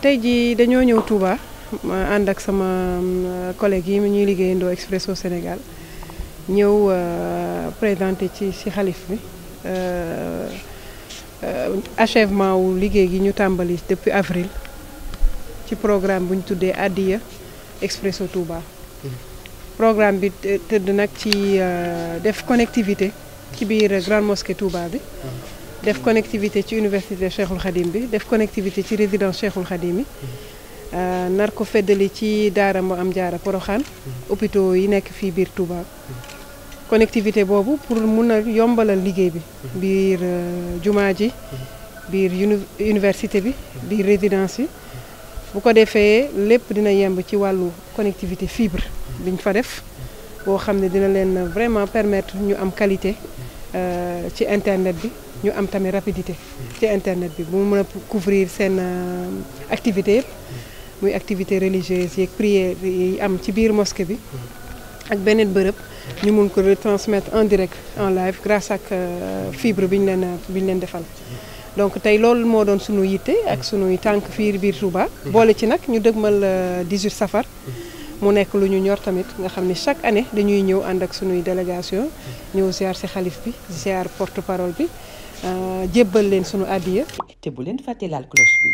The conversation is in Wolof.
tey jii dañoo ñëw Touba ma ànd ak sama mm, collègue yi ñuy liggéeyandoo Expresso Sénégal ñëw euh, présenté ci ci xalif bi euh, euh, achèvement wu liggéey gi ñu tàmbali depuis avril ci programme buñ ñu tuddee Adiya Expresso Touba. programme bi tëdd nag ci def connectivité ci biir Grande Mosquée Touba bi. def connectivité ci université Cheikhul Khadim bi def connectivité ci résidence Cheikhul Khadim yi euh, nar ko feddali ci daara mu am jaara Poroxaan hôpitaux yi nekk fii biir Touba connectivité boobu pour mun a yombalal liggéey bi biir euh, jumaa ji biir université bi biir résidence yi bu ko defee lépp dina yemb ci wàllu connectivité fibre biñ fa def boo xam ne dina leen vraiment permettre ñu am qualité euh, ci internet bi ñu am tamit rapidité ci internet bi bu mu mën a couvrir seen euh, activité yëpp muy activité religieuse yeeg prière yi am ci biir mosquée bi ak beneen bërëb ñu mun ko retransmettre en direct en live grâce ak euh, fibre bi ñu leen bi ñu leen defal donc tey loolu moo doon sunu yitte ak sunuy tànk fii biir Touba boole ci nag ñu dëgmal 18 euh, safar mu nekk lu ñu ñor tamit nga xam ne chaque année dañuy ñëw ànd ak suñuy délégation ñëw ziar si xalif bi ziar porte parole bi euh, jébbal leen suñu addiya te bu leen fàtte laal cloche bi